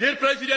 Dear President,